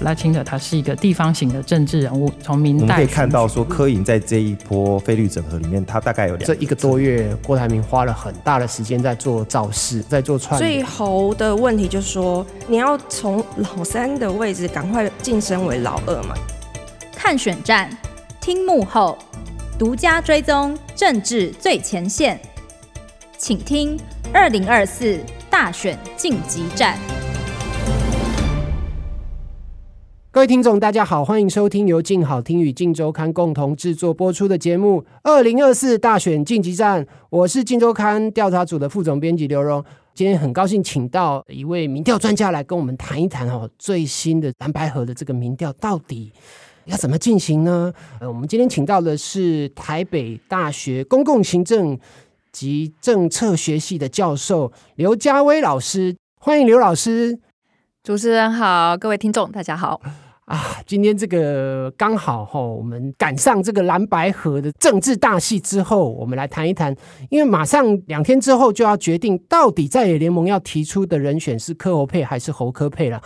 拉賴清德，他是一個地方型的政治人物，從明代我們可以看到說柯穎在這一波非綠整合裡面，他大概有這一個多月，郭台銘花了很大的時間在做造勢，在做串。最後的問題就是說，你要從老三的位置趕快晉升為老二嘛？看選戰，聽幕後，獨家追蹤政治最前線，請聽二零二四大選鏡擊戰。各位聽眾，大家好，歡迎收聽由鏡好聽與鏡周刊共同製作播出的節目《二零二四大選鏡擊戰》。我是鏡周刊調查組的副總編輯劉榮，今天很高興請到一位民調專家來跟我們談一談哦，最新的藍白合的這個民調到底要怎麼進行呢？呃，我們今天請到的是台北大學公共行政及政策學系的教授劉家威老師，歡迎劉老師。主持人好，各位聽眾大家好。啊，今天這個剛好哈、哦，我們趕上這個藍白合的政治大戲之後，我們來談一談。因為馬上兩天之後就要決定，到底在野聯盟要提出的人選是柯侯配還是侯柯配了。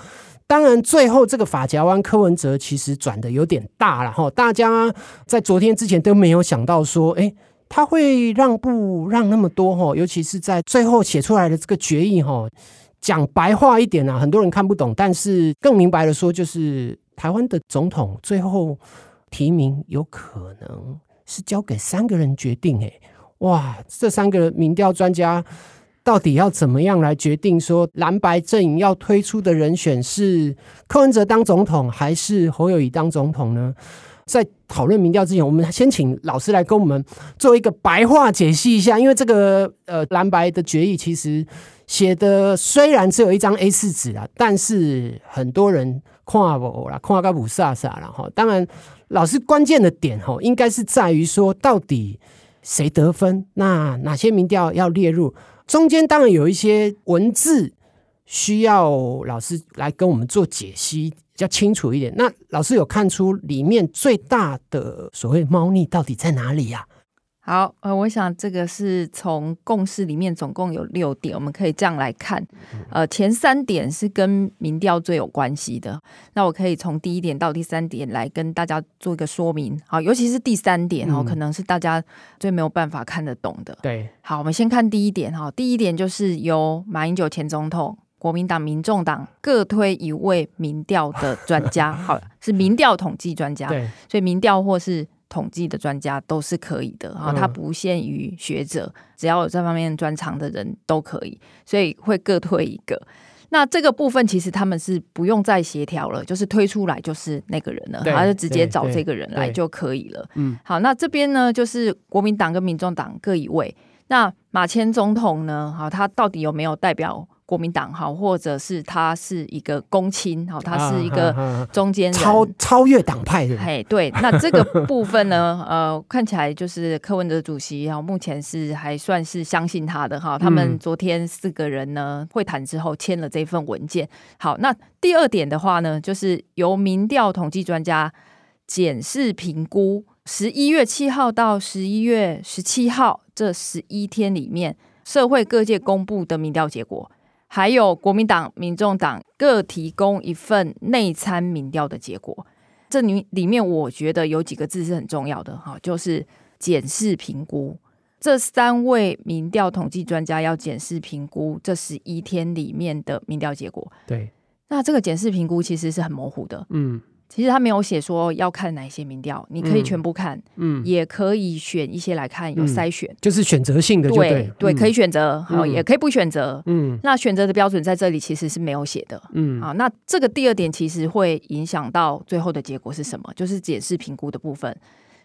當然，最後這個髮夾彎柯文哲其實轉得有點大了哈。大家在昨天之前都沒有想到說，哎，他會讓步讓那麼多哈、哦，尤其是在最後寫出來的這個決議哈、哦，講白話一點呢、啊，很多人看不懂，但是更明白的說就是。台灣的總統最後提名有可能是交給三個人決定，欸，哇，這三個民調專家到底要怎麼樣來決定說藍白陣營要推出的人選是柯文哲當總統還是侯友宜當總統呢？在討論民調之前，我們先請老師來跟我們做一個白話解析一下，因為這個呃藍白的決議其實寫的雖然只有一張 A 四紙啊，但是很多人。看不啦，了，看也不啥啥了哈。當然，老師關鍵的點哦，應該是在於說，到底誰得分？那哪些民調要列入？中間當然有一些文字需要老師來跟我們做解析，比較清楚一點。那老師有看出裡面最大的所謂貓膩到底在哪裡呀、啊？好，呃，我想這個是從共識裡面總共有六點，我們可以這樣來看，呃，前三點是跟民調最有關係的，那我可以從第一點到第三點來跟大家做一個說明。好，尤其是第三點哦、嗯，可能是大家最沒有辦法看得懂的。對，好，我們先看第一點哈，第一點就是由馬英九前總統、國民黨、民眾黨各推一位民調的專家， 好，是民調統計專家，對，所以民調或是。統計的專家都是可以的哈，他不限於學者，只要有這方面專長的人都可以，所以會各推一個。那這個部分其實他們是不用再協調了，就是推出來就是那個人了，他就直接找這個人來就可以了。嗯，好，那這邊呢就是國民黨跟民眾黨各一位。那馬前總統呢，好，他到底有沒有代表？國民黨好，或者是他是一個公親，好，他是一個中間人，啊啊，超超越黨派是不是？嘿，對，那這個部分呢， 呃，看起來就是柯文哲主席，然後目前是還算是相信他的哈。他們昨天四個人呢、嗯、會談之後簽了這份文件。好，那第二點的話呢，就是由民調統計專家檢視評估十一月七號到十一月十七號這十一天裡面社會各界公布的民調結果。還有國民黨、民眾黨各提供一份內參民調的結果，這裡面我覺得有幾個字是很重要的哈，就是檢視評估。這三位民調統計專家要檢視評估這十一天裡面的民調結果。對，那這個檢視評估其實是很模糊的。嗯。其實他沒有寫說要看哪些民調，你可以全部看，嗯，嗯也可以選一些來看，有篩選，嗯、就是選擇性的對，對、嗯、對，可以選擇、嗯，好，也可以不選擇，嗯，那選擇的標準在這裡其實是沒有寫的，嗯好，那這個第二點其實會影響到最後的結果是什麼，就是檢視評估的部分，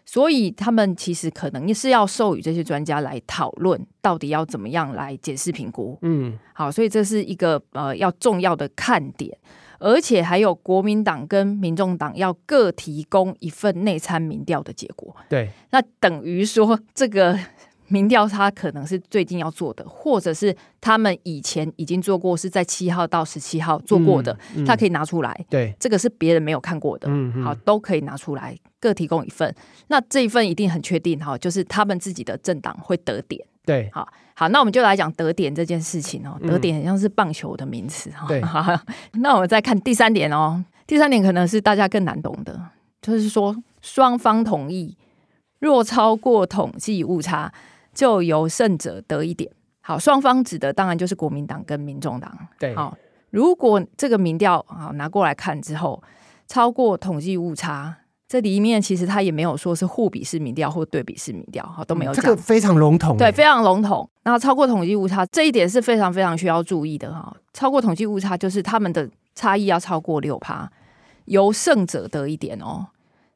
所以他們其實可能也是要授予這些專家來討論到底要怎麼樣來檢視評估，嗯，好，所以這是一個呃要重要的看點。而且還有國民黨跟民眾黨要各提供一份內參民調的結果。對，那等於說這個民調他可能是最近要做的，或者是他們以前已經做過，是在七號到十七號做過的，嗯嗯，他可以拿出來。對，這個是別人沒有看過的。嗯。好，都可以拿出來，各提供一份。那這一份一定很確定哈，就是他們自己的政黨會得點。對，好。好，那我們就來講得點這件事情哦。嗯、得點好像是棒球的名詞哈、哦。對 那我們再看第三點哦。第三點可能是大家更難懂的，就是說，雙方同意，若超過統計誤差，就由勝者得一點。好，雙方指的當然就是國民黨跟民眾黨。對，好、哦，如果這個民調好拿過來看之後，超過統計誤差。這裡面其實他也沒有說是互比式民調或對比式民調，哈，都沒有講、嗯。這個非常籠統，對，非常籠統。然後超過統計誤差這一點是非常非常需要注意的哈。超過統計誤差就是他們的差異要超過六趴，由勝者得一點哦。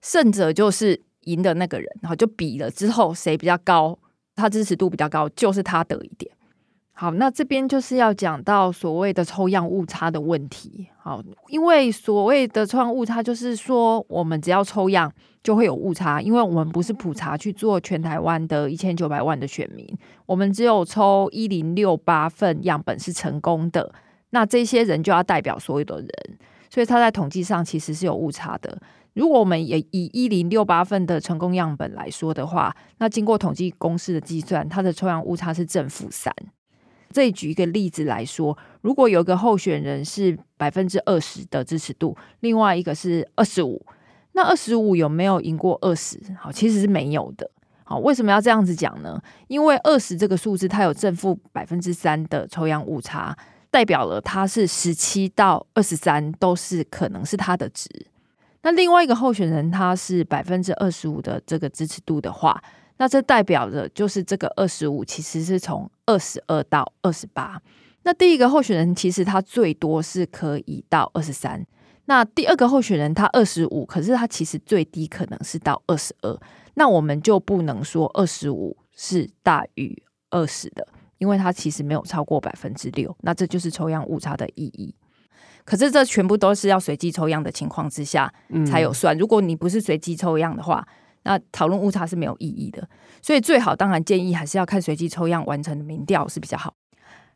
勝者就是贏的那個人，然後就比了之後誰比較高，他支持度比較高，就是他得一點。好，那這邊就是要講到所謂的抽樣誤差的問題。好，因為所謂的抽樣誤差，就是說我們只要抽樣就會有誤差，因為我們不是普查去做全台灣的一千九百萬的選民，我們只有抽一零六八份樣本是成功的，那這些人就要代表所有的人，所以它在統計上其實是有誤差的。如果我們也以一零六八份的成功樣本來說的話，那經過統計公式的計算，它的抽樣誤差是正負三。這舉一,一個例子來說，如果有個候選人是百分之二十的支持度，另外一個是二十五，那二十五有沒有贏過二十？好，其實是沒有的。好，為什麼要這樣子講呢？因為二十這個數字，它有正負百分之三的抽樣誤差，代表了它是十七到二十三都是可能是它的值。那另外一個候選人他是百分之二十五的這個支持度的話。那這代表的就是這個二十五其實是從二十二到二十八。那第一個候選人其實他最多是可以到二十三。那第二個候選人他二十五，可是他其實最低可能是到二十二。那我們就不能說二十五是大於二十的，因為它其實沒有超過百分之六。那這就是抽樣誤差的意義。可是這全部都是要隨機抽樣的情況之下、嗯、才有算。如果你不是隨機抽樣的話，那討論誤差是沒有意義的，所以最好當然建議還是要看隨機抽樣完成的民調是比較好。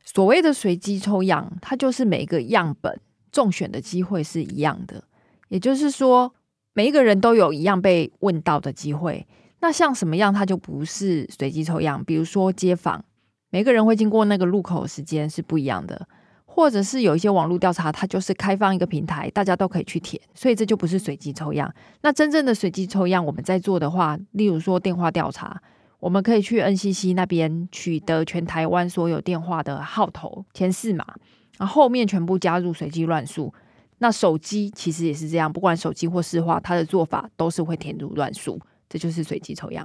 所謂的隨機抽樣，它就是每個樣本中選的機會是一樣的，也就是說每一個人都有一樣被問到的機會。那像什麼樣，它就不是隨機抽樣？比如說街訪，每個人會經過那個路口時間是不一樣的。或者是有一些網絡調查，它就是開放一個平台，大家都可以去填，所以這就不是隨機抽樣。那真正的隨機抽樣，我們在做的話，例如說電話調查，我們可以去 NCC 那邊取得全台灣所有電話的號頭前四碼，然後後面全部加入隨機亂數。那手機其實也是這樣，不管手機或市話，它的做法都是會填入亂數，這就是隨機抽樣。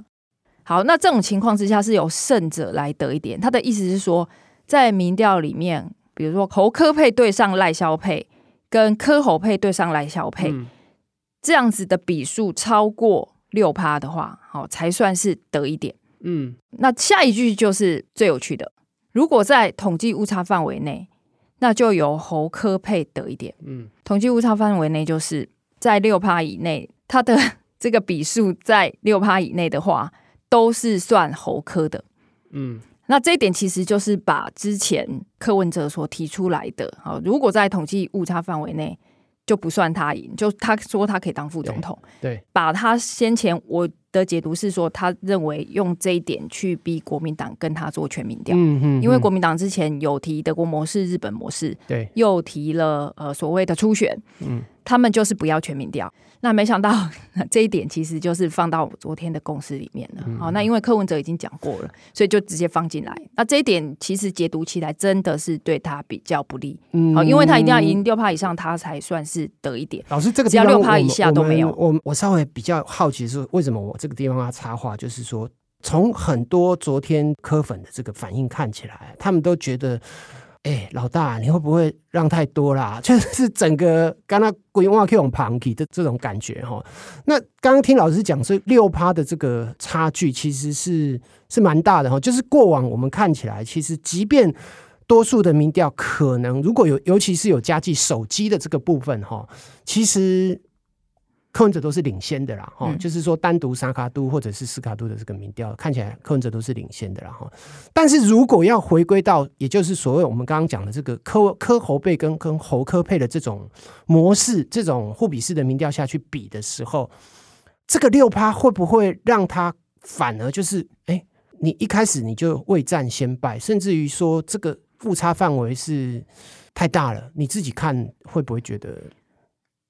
好，那這種情況之下是由勝者來得一點，他的意思是說，在民調裡面。比如說侯柯配對上賴蕭配，跟柯侯配對上賴蕭配，這樣子的比數超過六趴的話，好、哦、才算是得一點。嗯，那下一句就是最有趣的，如果在統計誤差範圍內，那就由侯柯配得一點。嗯，統計誤差範圍內就是在六趴以內，它的這個比數在六趴以內的話，都是算侯柯的。嗯。那這一點其實就是把之前柯文哲所提出來的，如果在統計誤差範圍內就不算他贏，就他說他可以當副總統，對，對，把他先前我的解讀是說，他認為用這一點去逼國民黨跟他做全民調，嗯哼哼，因為國民黨之前有提德國模式、日本模式，對，又提了，呃，所謂的初選，嗯他們就是不要全民調，那沒想到呵呵這一點其實就是放到我昨天的共識裡面了。好、嗯哦，那因為柯文哲已經講過了，所以就直接放進來。那這一點其實解讀起來真的是對他比較不利。好、嗯哦，因為他一定要贏六趴以上，他才算是得一點。老師，這個只要六趴以下都沒有。我我，我稍微比較好奇是為什麼我這個地方要插話，就是說從很多昨天柯粉的這個反應看起來，他們都覺得。哎、欸，老大，你會不會讓太多啦？確、就、實是整個剛剛歸望 Kong p 的這種感覺哈。那剛剛聽老師講說，這六趴的這個差距其實是是蠻大的哈。就是過往我們看起來，其實即便多數的民調可能如果有，尤其是有加計手機的這個部分哈，其實。克文者都是領先的啦，哈、嗯，就是說單獨薩卡度或者是斯卡度的這個民調看起來，克文者都是領先的，啦。後，但是如果要回歸到，也就是所謂我們剛剛講的這個科科侯貝跟跟侯科佩的這種模式，這種互比式的民調下去比的時候，這個六趴會不會讓他反而就是，哎、欸，你一開始你就未戰先敗，甚至於說這個誤差範圍是太大了，你自己看會不會覺得？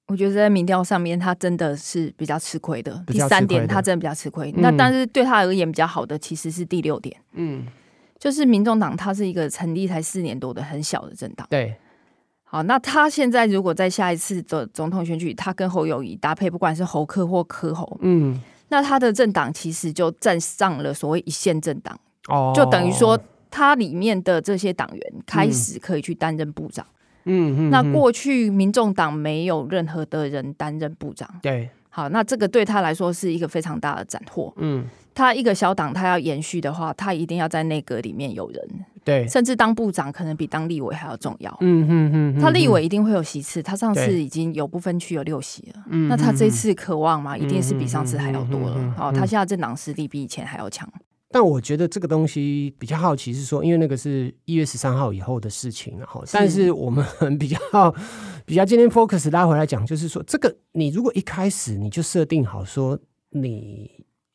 我覺得在民調上面，他真的是比較吃虧的。第三點，他真的比較吃虧。那但是對他而言比較好的，其實是第六點。嗯，就是民眾黨，它是一個成立才四年多的很小的政黨。對，好，那他現在如果在下一次的總統選舉，他跟侯友宜搭配，不管是侯柯或柯侯，嗯，那他的政黨其實就站上了所謂一線政黨。哦，就等於說，他裡面的這些黨員開始可以去擔任部長。嗯嗯哼哼，那過去民眾黨沒有任何的人擔任部長，對，好，那這個對他來說是一個非常大的斬獲。嗯，他一個小黨，他要延續的話，他一定要在內閣裡面有人，對，甚至當部長可能比當立委還要重要。嗯嗯他立委一定會有席次，他上次已經有不分區有六席了，那他這次渴望嘛，一定是比上次還要多了。哦，他現在政黨實力比以前還要強。但我覺得這個東西比較好奇是說，因為那個是一月十三號以後的事情，啊，然後，但是我們很比較比較今天 focus 拉回來講，就是說，這個你如果一開始你就設定好說你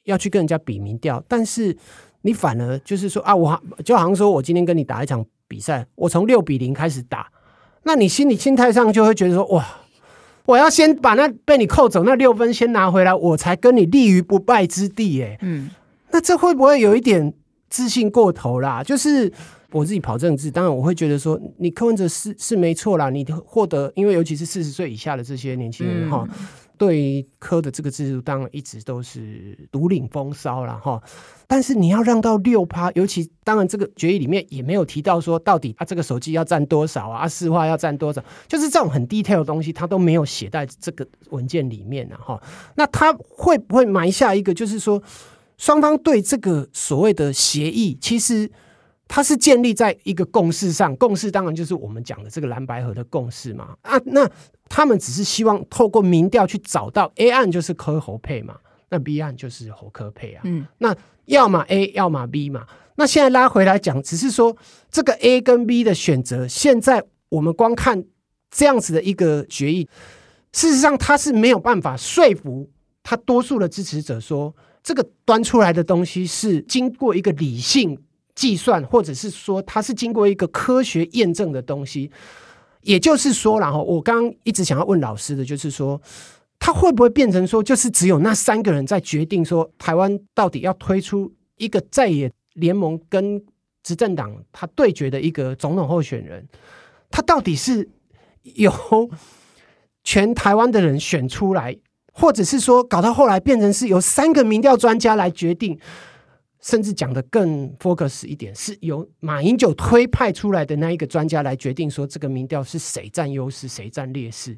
要去跟人家比民調，但是你反而就是說啊，我就好像說我今天跟你打一場比賽，我從六比零開始打，那你心理心態上就會覺得說哇，我要先把那被你扣走那六分先拿回來，我才跟你立於不敗之地，誒嗯。這會不會有一點自信過頭啦？就是我自己跑政治，當然我會覺得說，你柯文哲是是沒錯啦。你獲得，因為尤其是四十歲以下的這些年輕人哈、嗯，對柯的這個制度，當然一直都是獨領風騷啦。哈。但是你要讓到六趴，尤其當然這個決議裡面也沒有提到說到底啊，這個手機要佔多少啊，啊、市話要佔多少，就是這種很 detail 的東西，他都沒有寫在這個文件裡面了哈。那他會不會埋下一個，就是說？雙方對這個所謂的協議，其實它是建立在一個共識上，共識當然就是我們講的這個藍白合的共識嘛。啊，那他們只是希望透過民調去找到 A 案就是柯侯配嘛，那 B 案就是侯柯配啊。嗯，那要麼 A 要麼 B 嘛。那現在拉回來講，只是說這個 A 跟 B 的選擇，現在我們光看這樣子的一個決議，事實上他是沒有辦法說服他多數的支持者說。這個端出來的東西是經過一個理性計算，或者是說它是經過一個科學驗證的東西，也就是說，然後我剛剛一直想要問老師的就是說，他會不會變成說，就是只有那三個人在決定說，台灣到底要推出一個在野聯盟跟執政黨他對決的一個總統候選人，他到底是由全台灣的人選出來？或者是說，搞到後來變成是由三個民調專家來決定，甚至講得更 focus 一點，是由馬英九推派出來的那一個專家來決定，說這個民調是誰佔優勢，誰佔劣勢。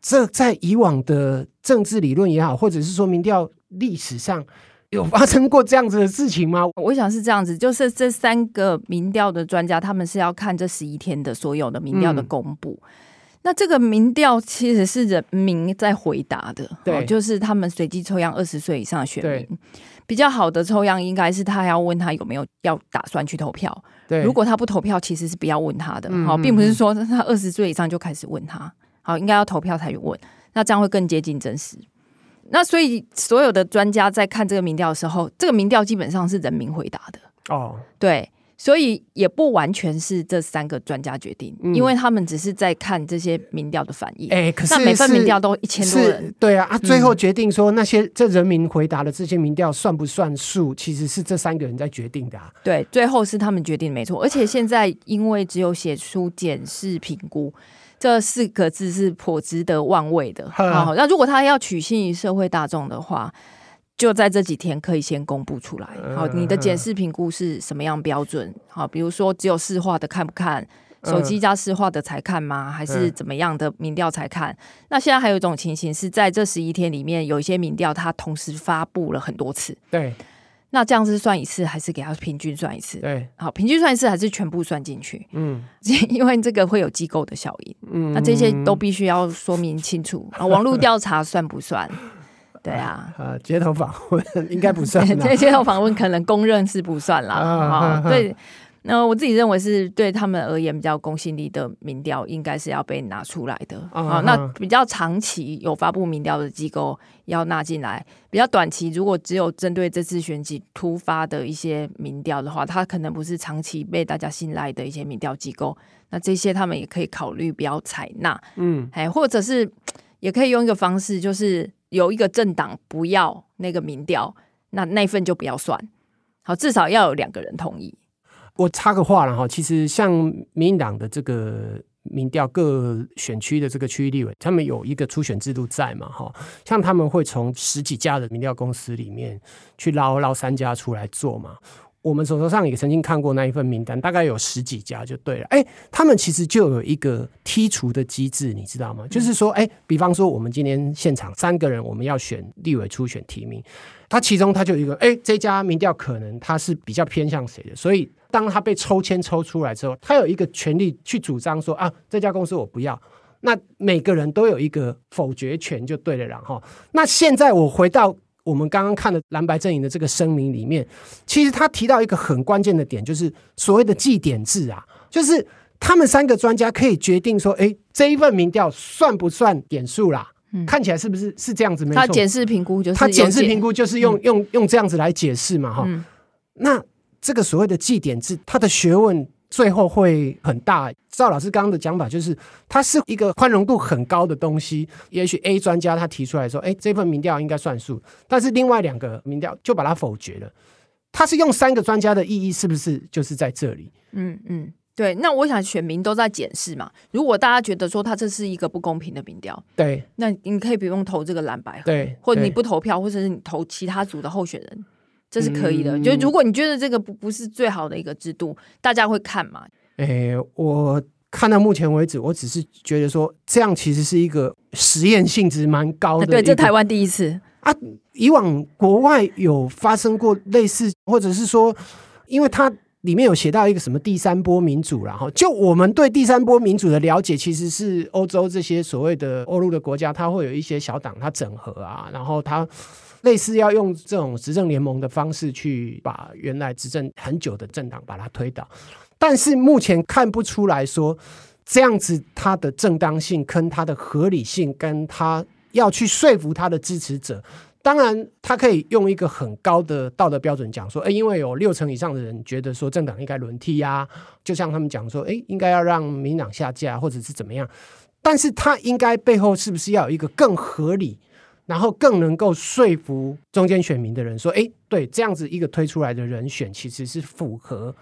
這在以往的政治理論也好，或者是說民調歷史上有發生過這樣子的事情嗎？我想是這樣子，就是這三個民調的專家，他們是要看這十一天的所有的民調的公布。嗯那這個民調其實是人民在回答的，對，哦、就是他們隨機抽樣二十歲以上選民。比較好的抽樣應該是他還要問他有沒有要打算去投票。對，如果他不投票，其實是不要問他的，好、嗯哦，並不是說他二十歲以上就開始問他、嗯，好，應該要投票才去問，那這樣會更接近真實。那所以所有的專家在看這個民調的時候，這個民調基本上是人民回答的。哦，對。所以也不完全是這三個專家決定，嗯，因為他們只是在看這些民調的反應。哎、欸，可是那每份民調都一千多人，對啊啊！最後決定說那些這人民回答的這些民調算不算數，嗯，其實是這三個人在決定的啊。對，最後是他們決定沒錯。而且現在因為只有寫出檢視評估這四個字是頗值得玩味的啊啊，那如果他要取信於社會大眾的話，就在這幾天可以先公布出來。好，你的檢視評估是什麼樣標準？好，比如說只有市話的看不看，手機加市話的才看嗎？還是怎麼樣的民調才看？那現在還有一種情形是在這十一天裡面，有一些民調它同時發布了很多次。對，那這樣是算一次還是給它平均算一次？對，好，平均算一次還是全部算進去？嗯，因為這個會有機構的效應。嗯，那這些都必須要說明清楚。啊，網絡調查算不算？ 對啊，啊，街頭訪問應該不算。街 街頭訪問可能公認是不算啦。啊、 嗯，對，那我自己認為是對他們而言比較公信力的民調，應該是要被拿出來的。啊、嗯嗯，那比較長期有發布民調的機構要納進來，比較短期如果只有針對這次選舉突發的一些民調的話，他可能不是長期被大家信賴的一些民調機構。那這些他們也可以考慮不要採納。嗯，哎，或者是也可以用一個方式就是。有一個政黨不要那個民調，那那份就不要算。好，至少要有兩個人同意。我插個話了哈，其實像民進黨的這個民調，各選區的這個區域立委，他們有一個初選制度在嘛哈，像他們會從十幾家的民調公司裡面去撈撈三家出來做嘛。我們手頭上也曾經看過那一份名單，大概有十幾家就對了。誒，他們其實就有一個剔除的機制，你知道嗎？嗯。就是說，誒，比方說我們今天現場三個人，我們要選立委初選提名，他其中他就有一個，誒，這家民調可能他是比較偏向誰的，所以當他被抽籤抽出來之後，他有一個權利去主張說啊，這家公司我不要。那每個人都有一個否決權就對了。然後，那現在我回到。我們剛剛看的藍白陣營的這個聲明裡面，其實他提到一個很關鍵的點，就是所謂的記點制啊，就是他們三個專家可以決定說，哎，這一份民調算不算點數啦，嗯？看起來是不是是這樣子？沒錯，他檢視評估就，評估就是用，嗯、用用這樣子來解釋嘛，哈，嗯。那這個所謂的記點制，他的學問。最後會很大。趙老師剛剛的講法就是，它是一個寬容度很高的東西。也許 A 專家他提出來說，哎、欸，這份民調應該算數，但是另外兩個民調就把它否決了。他是用三個專家的意義，是不是就是在這裡？嗯嗯，對。那我想選民都在檢視嘛，如果大家覺得說他這是一個不公平的民調，對，那你可以不用投這個藍白合對，對，或者你不投票，或者是你投其他組的候選人。這是可以的，就、嗯、如果你覺得這個不不是最好的一個制度，大家會看嗎？哎、欸，我看到目前為止，我只是覺得說這樣其實是一個實驗性質蠻高的，啊、對，這台灣第一次啊。以往國外有發生過類似，或者是說，因為它裡面有寫到一個什麼第三波民主，然後就我們對第三波民主的了解，其實是歐洲這些所謂的歐陸的國家，它會有一些小黨，它整合啊，然後它。類似要用這種執政聯盟的方式去把原來執政很久的政黨把它推倒，但是目前看不出來說這樣子它的正當性跟它的合理性，跟他要去說服他的支持者。當然，他可以用一個很高的道德標準講說：“誒，因為有六成以上的人覺得說政黨應該輪替呀。”就像他們講說：“誒，應該要讓民進黨下架，或者是怎麼樣。”但是，他應該背後是不是要有一個更合理？然後更能夠說服中間選民的人說，哎，對，這樣子一個推出來的人選其實是符合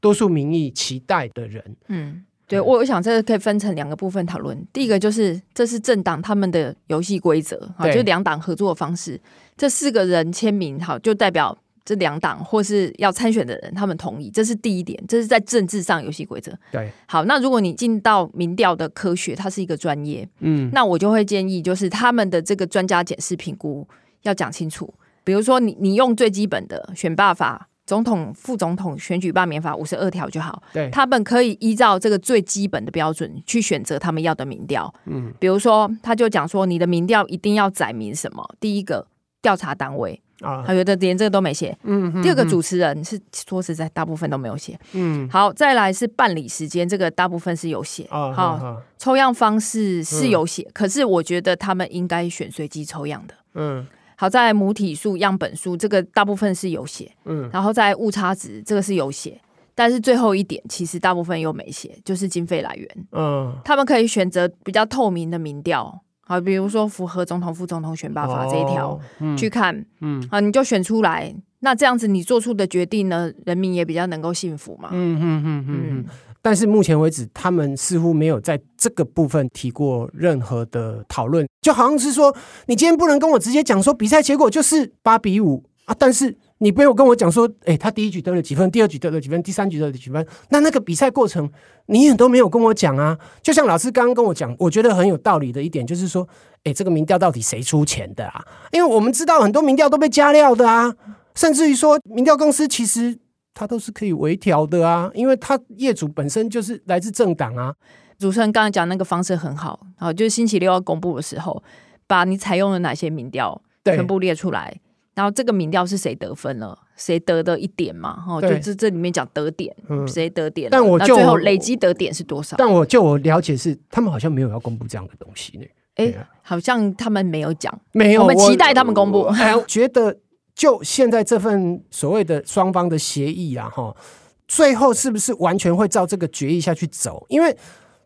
多數民意期待的人。嗯，對，我我想這個可以分成兩個部分討論。嗯，第一個就是這是政黨他們的遊戲規則啊，就是，兩黨合作的方式，這四個人簽名好就代表。這兩黨或是要參選的人，他們同意，這是第一點，這是在政治上遊戲規則。對，好，那如果你進到民調的科學，它是一個專業，嗯，那我就會建議，就是他們的這個專家檢視評估要講清楚。比如說你，你你用最基本的選罷法、總統副總統選舉罷免法五十二條就好。對，他們可以依照這個最基本的標準去選擇他們要的民調。嗯，比如說，他就講說，你的民調一定要載明什麼？第一個，調查單位。啊，我覺得連這個都沒寫。嗯哼哼，第二個主持人，是說實在，大部分都沒有寫。嗯，好，再來是辦理時間，這個大部分是有寫。好，哦哦，抽樣方式是有寫，嗯，可是我覺得他們應該選隨機抽樣的。嗯，好在母體數、樣本數這個大部分是有寫。嗯，然後在誤差值這個是有寫，但是最後一點其實大部分又沒寫，就是經費來源。嗯，他們可以選擇比較透明的民調。好，比如說符合總統副總統選罷法這一條、哦嗯、去看，嗯，啊，你就選出來、嗯，那這樣子你做出的決定呢，人民也比較能夠信服嘛。嗯嗯嗯嗯。但是目前為止，他們似乎沒有在這個部分提過任何的討論，就好像是說，你今天不能跟我直接講說比賽結果就是八比五啊，但是。你沒有跟我講說，誒、欸，他第一局得了幾分，第二局得了幾分，第三局得了幾分？那那個比賽過程你也都沒有跟我講啊。就像老師剛剛跟我講，我覺得很有道理的一點就是說，誒、欸，這個民調到底誰出錢的啊？因為我們知道很多民調都被加料的啊，甚至於說民調公司其實它都是可以微調的啊，因為它業主本身就是來自政黨啊。主持人剛剛講那個方式很好，好，就是星期六要公布的時候，把你採用了哪些民調全部列出來。然後這個民調是誰得分了，誰得的一點嘛？然後就是這裡面講得點，嗯、誰得點？但我就後累積得點是多少？我但我就我了解是他們好像沒有要公布這樣的東西呢。哎、啊，好像他們沒有講，沒有。我們期待他們公布。我我我哎、 覺得就現在這份所謂的雙方的協議啊，哈，最後是不是完全會照這個決議下去走？因為。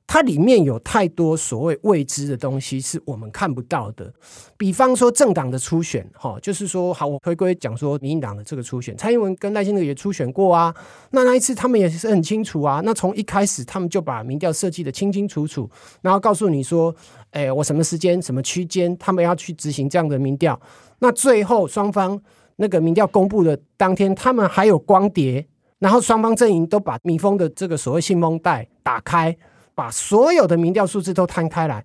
它裡面有太多所謂未知的東西是我們看不到的，比方說政黨的初選，哈，就是說，好，我回歸講說，民進黨的這個初選，蔡英文跟賴清德也初選過啊，那那一次他們也是很清楚啊，那從一開始他們就把民調設計得清清楚楚，然後告訴你說，欸，我什麼時間什麼區間，他們要去執行這樣的民調，那最後雙方那個民調公布的當天，他們還有光碟，然後雙方陣營都把密封的這個所謂信封袋打開。把所有的民調數字都攤開來，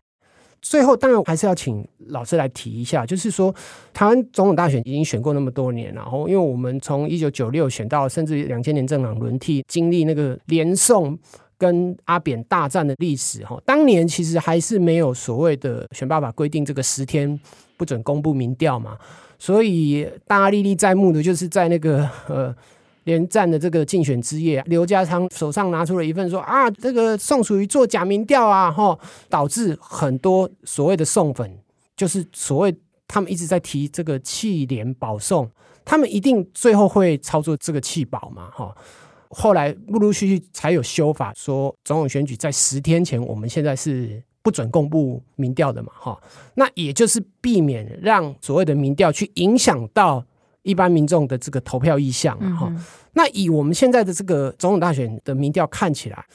最後當然還是要請老師來提一下，就是說台灣總統大選已經選過那麼多年，然後因為我們從一九九六選到甚至兩千年政黨輪替，經歷那個連宋跟阿扁大戰的歷史，哈，當年其實還是沒有所謂的選罷法規定這個十天不准公布民調嘛，所以大家歷歷在目的就是在那個、呃。連戰的這個競選之夜，劉家昌手上拿出了一份說啊，這個宋楚瑜做假民調啊，哈、哦，導致很多所謂的宋粉，就是所謂他們一直在提這個棄聯保宋，他們一定最後會操作這個棄保嘛，哈、哦。後來陸陸續續才有修法說，總統選舉在十天前，我們現在是不准公布民調的嘛，哈、哦。那也就是避免讓所謂的民調去影響到。一般民眾的這個投票意向啊，哈，那以我們現在的這個總統大選的民調看起來，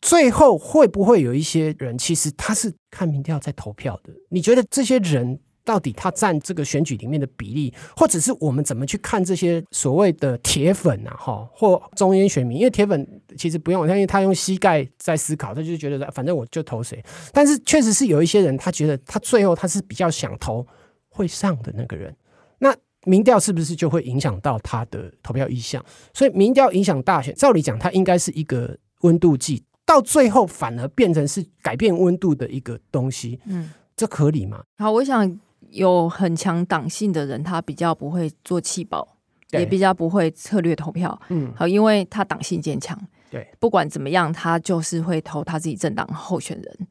最後會不會有一些人其實他是看民調在投票的？你覺得這些人到底他佔這個選舉裡面的比例，或者是我們怎麼去看這些所謂的鐵粉啊，哈，或中間選民？因為鐵粉其實不用，因為他用膝蓋在思考，他就覺得反正我就投誰。但是確實是有一些人，他覺得他最後他是比較想投會上的那個人，那。民調是不是就會影響到他的投票意向？所以民調影響大選，照理講它應該是一個溫度計，到最後反而變成是改變溫度的一個東西，嗯，這合理嗎？好，我想有很強黨性的人，他比較不會做棄保，對，也比較不會策略投票，嗯，好，因為他黨性堅強，對，不管怎麼樣，他就是會投他自己政黨候選人。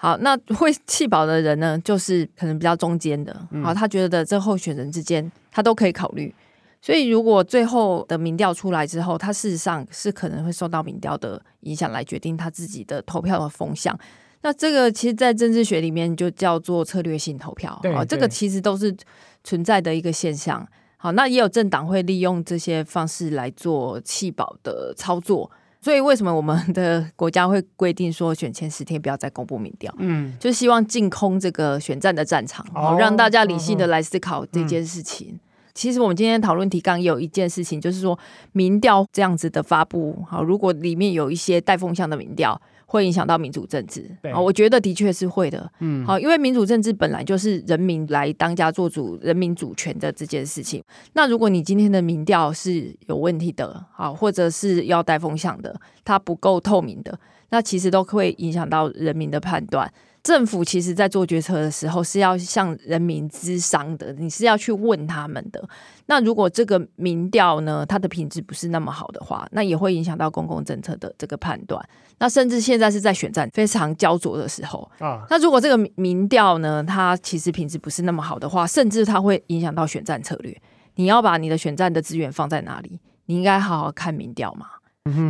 好，那會棄保的人呢，就是可能比較中間的，好，他覺得這候選人之間他都可以考慮，所以如果最後的民調出來之後，他事實上是可能會受到民調的影響來決定他自己的投票的風向。那這個其實，在政治學裡面就叫做策略性投票，好，對，對。這個其實都是存在的一個現象。好，那也有政黨會利用這些方式來做棄保的操作。所以，為什麼我們的國家會規定說選前十天不要再公布民調？嗯，就希望淨空這個選戰的戰場，哦、讓大家理性的來思考這件事情。嗯嗯、其實，我們今天討論題綱有一件事情，就是說民調這樣子的發布，好，如果裡面有一些帶風向的民調。會影響到民主政治啊、哦，我覺得的確是會的。嗯，好，因為民主政治本來就是人民來當家做主、人民主權的這件事情。那如果你今天的民調是有問題的，好，或者是要帶風向的，它不夠透明的，那其實都會影響到人民的判斷。政府其實在做決策的時候是要向人民諮商的，你是要去問他們的。那如果這個民調呢，它的品質不是那麼好的話，那也會影響到公共政策的這個判斷。那甚至現在是在選戰非常焦灼的時候啊，那如果這個民民調呢，它其實品質不是那麼好的話，甚至它會影響到選戰策略。你要把你的選戰的資源放在哪裡？你應該好好看民調嘛。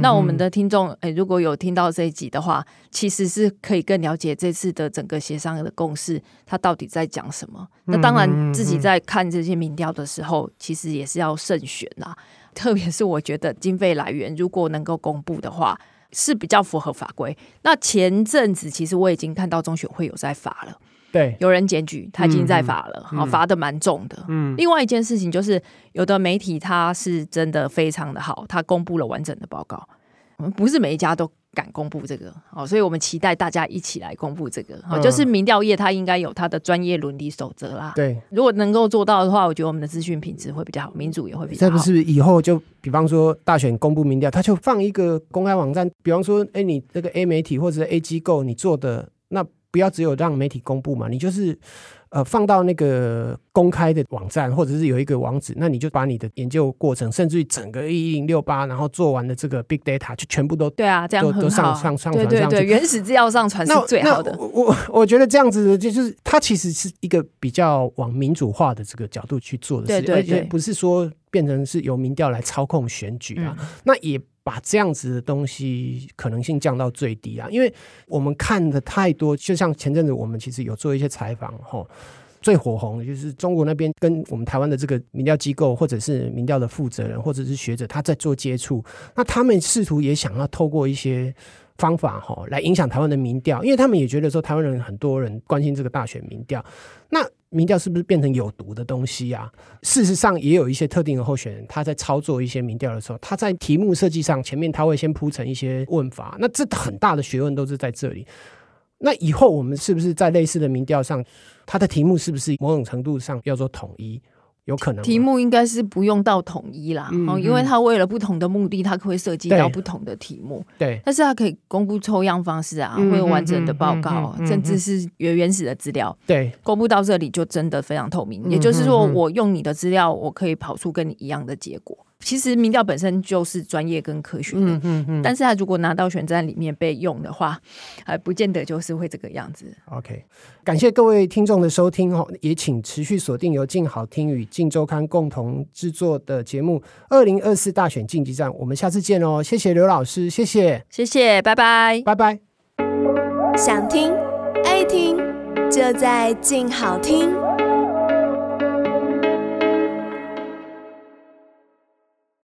那我們的聽眾，欸，如果有聽到這一集的話，其實是可以更了解這次的整個協商的共識，他到底在講什麼。那當然，自己在看這些民調的時候，其實也是要慎選啦。特別是我覺得經費來源如果能夠公布的話，是比較符合法規。那前陣子其實我已經看到中選會有在發了。對，有人檢舉，他已經在罰了，好、嗯，罰的蠻重的。嗯，另外一件事情就是，有的媒體他是真的非常的好，他公布了完整的報告。我們不是每一家都敢公布這個，好、哦，所以我們期待大家一起來公布這個。啊、哦，就是民調業，他應該有他的專業倫理守則啦、嗯。對，如果能夠做到的話，我覺得我們的資訊品質會比較好，民主也會比較好。是不是以後就比方說大選公布民調，他就放一個公開網站，比方說，哎，你這個 A 媒體或者 A 機構你做的那。不要只有讓媒體公布嘛，你就是，呃，放到那個公開的網站，或者是有一個網址，那你就把你的研究過程，甚至於整個一零六八，然後做完了這個 big data 就全部都對啊，這樣都都上上，上，上傳，對，對，對，上去對對對，原始資料上傳是最好的。我我覺得這樣子就是，它其實是一個比較往民主化的這個角度去做的事，對對對，而且不是說變成是由民調來操控選舉啊。嗯、那也。把這樣子的東西可能性降到最低啊，因為我們看的太多，就像前陣子我們其實有做一些採訪，吼最火紅的就是中國那邊跟我們台灣的這個民調機構，或者是民調的負責人，或者是學者，他在做接觸，那他們試圖也想要透過一些方法吼，來影響台灣的民調，因為他們也覺得說台灣人很多人關心這個大選民調，那。民調是不是變成有毒的東西啊？事實上，也有一些特定的候選人，他在操作一些民調的時候，他在題目設計上，前面他會先鋪成一些問法，那這很大的學問都是在這裡。那以後我們是不是在類似的民調上，他的題目是不是某種程度上要做統一？有可能，題目應該是不用到統一啦，哦、嗯，因為他為了不同的目的，他會涉及到不同的題目，對，對，但是他可以公布抽樣方式啊，嗯、會有完整的報告、嗯嗯嗯，甚至是原原始的資料，對，公布到這裡就真的非常透明。也就是說，我用你的資料，我可以跑出跟你一樣的結果。其實民調本身就是專業跟科學的、嗯哼哼，但是他如果拿到選戰裡面被用的話，還、呃、不見得就是會這個樣子。OK，感謝各位聽眾的收聽，也請持續鎖定由鏡好聽與鏡週刊共同制作的節目《二零二四大選鏡擊戰》我們下次見哦，謝謝劉老師，謝謝，謝謝，拜拜，拜拜。想聽愛聽，就在鏡好聽。